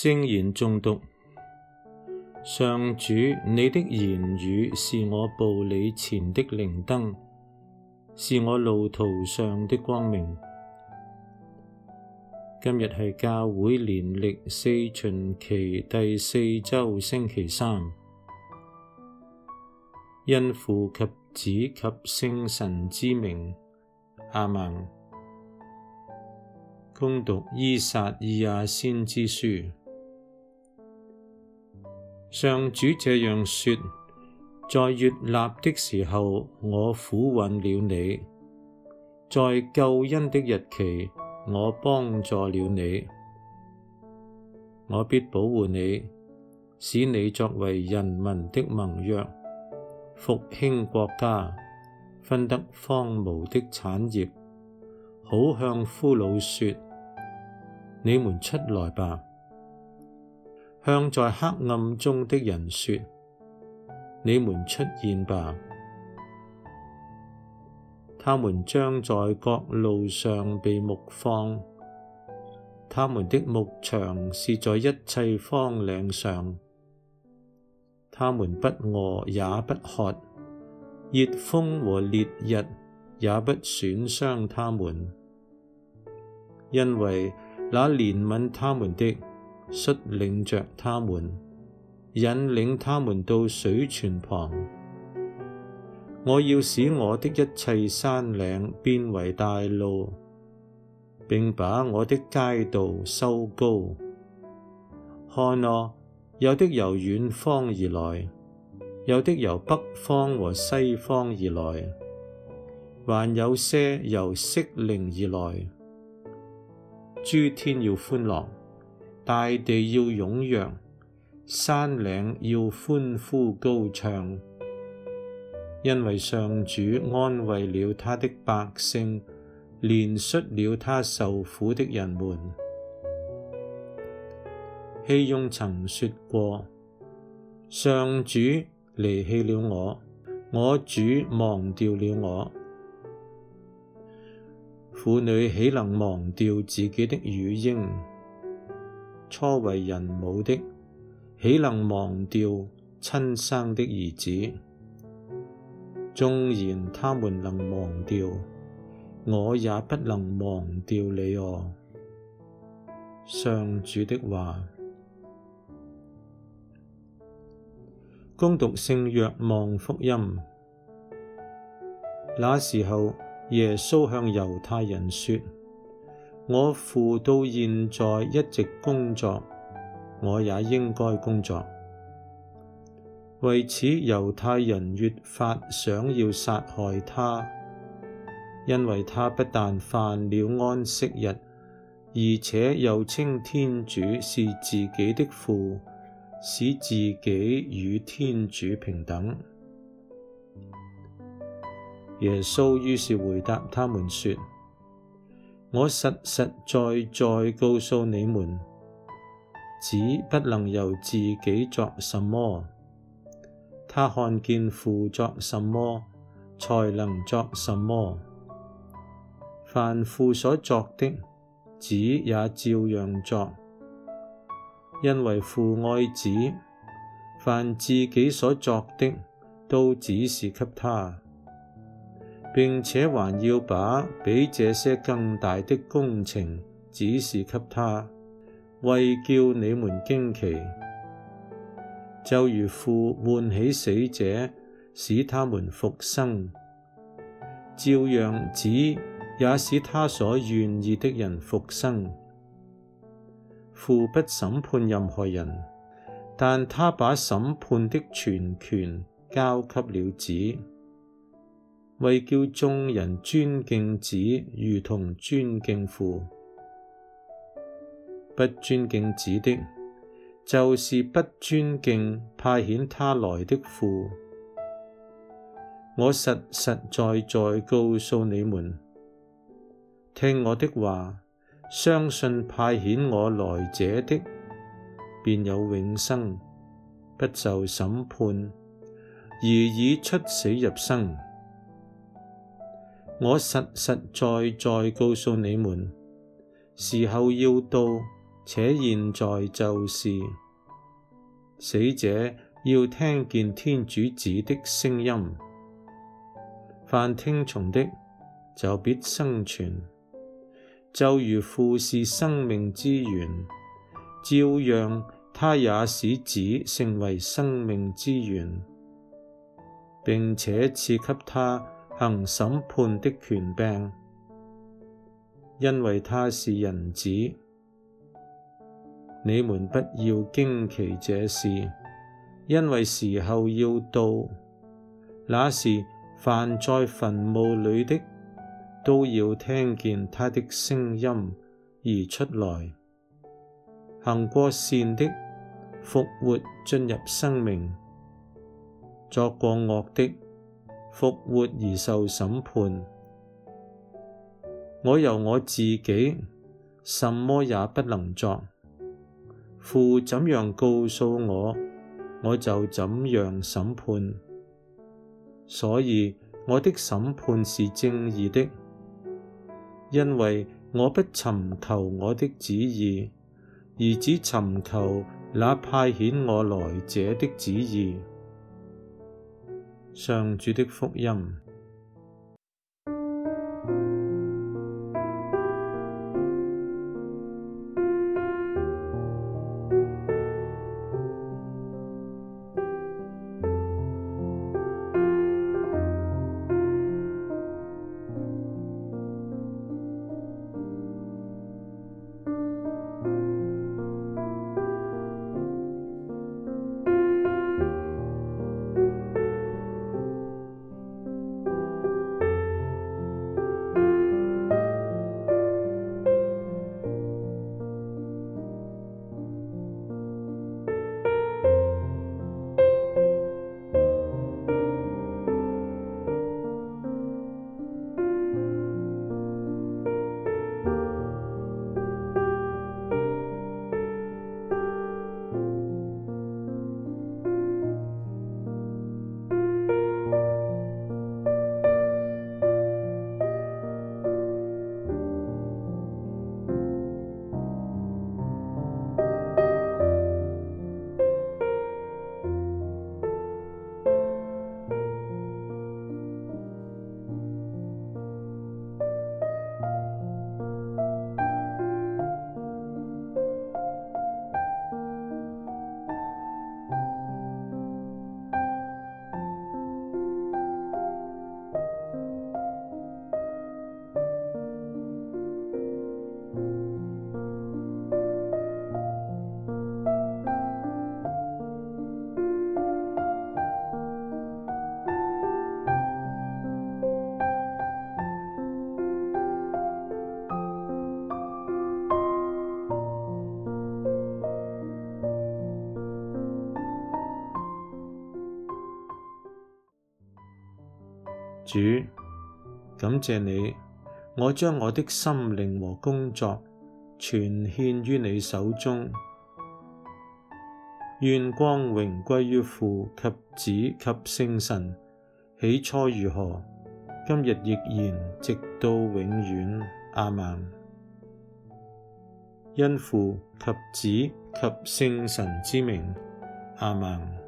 聖言誦讀。上主，你的言語是我步履前的靈燈，是我路途上的光明。今日係教會年曆四旬期第四周星期三，因父及子及聖神之名，阿門。恭讀依撒意亞先知書。上主這樣說：在悅納的時候，我俯允了你；在救恩的日期，我幫助了你。我必保護你，使你作為人民的盟約，復興國家，分得荒蕪的產業。好向俘虜說：你們出來吧！向在黑暗中的人說：你們出現吧，他們將在各路上被牧放，他們的牧場是在一切荒嶺上，他們不餓也不渴，熱風和烈日也不損傷他們，因為那憐憫他們的。率領着他們，引領他們到水泉旁。我要使我的一切山嶺變為大路，並把我的街道修高。看哦，有的由遠方而來，有的由北方和西方而來，還有些由息寧而來。諸天要歡樂。大地要踴躍，山嶺要歡呼高唱，因為上主安慰了他的百姓，憐恤了他受苦的人們。熙雍曾說過：上主離棄了我，我主忘掉了我。婦女豈能忘掉自己的乳嬰？初為人母的，豈能忘掉親生的兒子？縱然他們能忘掉，我也不能忘掉你哦、啊。上主的話。恭讀聖若望福音。那時候，耶穌向猶太人說。我父到現在一直工作，我也應該工作。為此，猶太人越發想要殺害他，因為他不但犯了安息日，而且又稱天主是自己的父，使自己與天主平等。耶穌於是回答他們說：我實實在在告訴你們，子不能由自己作什麼，他看見父作什麼，才能作什麼。凡父所作的，子也照樣作，因為父愛子。凡自己所作的，都指示給他。並且還要把比這些更大的工程指示給他，為叫你們驚奇。就如父喚起死者，使他們復生；照樣子也使他所願意的人復生。父不審判任何人，但他把審判的全權交給了子。為叫眾人尊敬子，如同尊敬父。不尊敬子的，就是不尊敬派遣他來的父。我實實在在告訴你們，聽我的話，相信派遣我來者的，便有永生，不受審判，而已出死入生。我實實在在告訴你們，時候要到，且現在就是。死者要聽見天主子的聲音，凡聽從的就必生存。就如父是生命之源，照樣他也使子成為生命之源，並且賜給他。行審判的權柄，因為他是人子。你們不要驚奇這事，因為時候要到，那時，凡在墳墓裏的都要聽見他的聲音而出來。行過善的復活進入生命，作過惡的。復活而受審判，我由我自己什麼也不能作。父怎樣告訴我，我就怎樣審判，所以我的審判是正義的，因為我不尋求我的旨意，而只尋求那派遣我來者的旨意。上主的福音。主，感謝你，我將我的心靈和工作全獻於你手中，願光榮歸於父及子及聖神，起初如何，今日亦然，直到永遠，阿門。因父及子及聖神之名，阿門。